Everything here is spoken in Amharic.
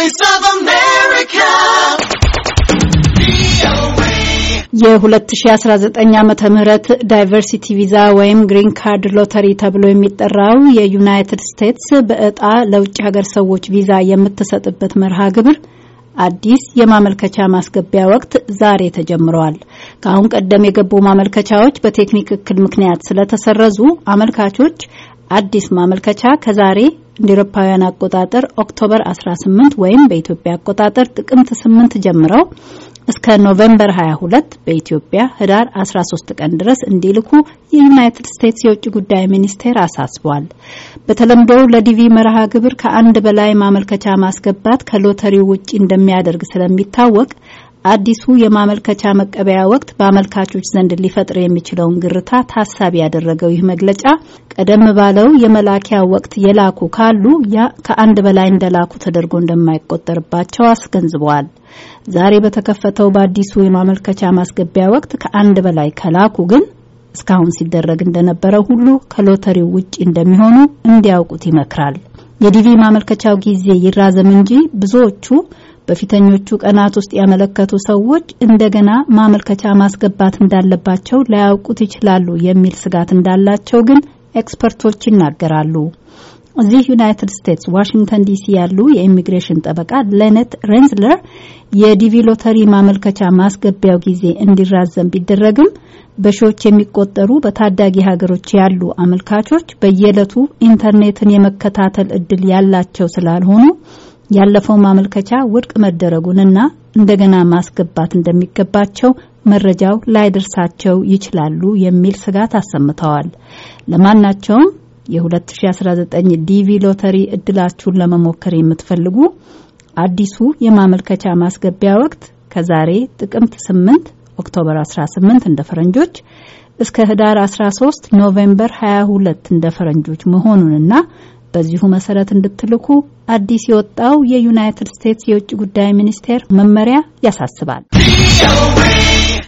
Voice of America. የ2019 ዓመተ ምህረት ዳይቨርሲቲ ቪዛ ወይም ግሪን ካርድ ሎተሪ ተብሎ የሚጠራው የዩናይትድ ስቴትስ በእጣ ለውጭ ሀገር ሰዎች ቪዛ የምትሰጥበት መርሃ ግብር አዲስ የማመልከቻ ማስገቢያ ወቅት ዛሬ ተጀምረዋል። ከአሁን ቀደም የገቡ ማመልከቻዎች በቴክኒክ እክል ምክንያት ስለተሰረዙ አመልካቾች አዲስ ማመልከቻ ከዛሬ እንደ ኤሮፓውያን አቆጣጠር ኦክቶበር 18 ወይም በኢትዮጵያ አቆጣጠር ጥቅምት 8 ጀምረው እስከ ኖቬምበር 22 በኢትዮጵያ ህዳር 13 ቀን ድረስ እንዲልኩ የዩናይትድ ስቴትስ የውጭ ጉዳይ ሚኒስቴር አሳስቧል። በተለምዶው ለዲቪ መርሃ ግብር ከአንድ በላይ ማመልከቻ ማስገባት ከሎተሪው ውጪ እንደሚያደርግ ስለሚታወቅ አዲሱ የማመልከቻ መቀበያ ወቅት በአመልካቾች ዘንድ ሊፈጥር የሚችለውን ግርታ ታሳቢ ያደረገው ይህ መግለጫ ቀደም ባለው የመላኪያ ወቅት የላኩ ካሉ ያ ከአንድ በላይ እንደላኩ ተደርጎ እንደማይቆጠርባቸው አስገንዝበዋል። ዛሬ በተከፈተው በአዲሱ የማመልከቻ ማስገቢያ ወቅት ከአንድ በላይ ከላኩ ግን እስካሁን ሲደረግ እንደነበረው ሁሉ ከሎተሪው ውጪ እንደሚሆኑ እንዲያውቁት ይመክራል። የዲቪ ማመልከቻው ጊዜ ይራዘም እንጂ ብዙዎቹ በፊተኞቹ ቀናት ውስጥ ያመለከቱ ሰዎች እንደገና ማመልከቻ ማስገባት እንዳለባቸው ላያውቁት ይችላሉ የሚል ስጋት እንዳላቸው ግን ኤክስፐርቶች ይናገራሉ። እዚህ ዩናይትድ ስቴትስ ዋሽንግተን ዲሲ ያሉ የኢሚግሬሽን ጠበቃ ሌኔት ሬንዝለር የዲቪ ሎተሪ ማመልከቻ ማስገቢያው ጊዜ እንዲራዘም ቢደረግም በሺዎች የሚቆጠሩ በታዳጊ ሀገሮች ያሉ አመልካቾች በየዕለቱ ኢንተርኔትን የመከታተል እድል ያላቸው ስላልሆኑ ያለፈው ማመልከቻ ውድቅ መደረጉንና እንደገና ማስገባት እንደሚገባቸው መረጃው ላይደርሳቸው ይችላሉ የሚል ስጋት አሰምተዋል። ለማናቸውም የ2019 ዲቪ ሎተሪ እድላችሁን ለመሞከር የምትፈልጉ አዲሱ የማመልከቻ ማስገቢያ ወቅት ከዛሬ ጥቅምት 8 ኦክቶበር 18 እንደ ፈረንጆች እስከ ህዳር 13 ኖቬምበር 22 እንደ ፈረንጆች መሆኑንና በዚሁ መሰረት እንድትልኩ አዲስ የወጣው የዩናይትድ ስቴትስ የውጭ ጉዳይ ሚኒስቴር መመሪያ ያሳስባል።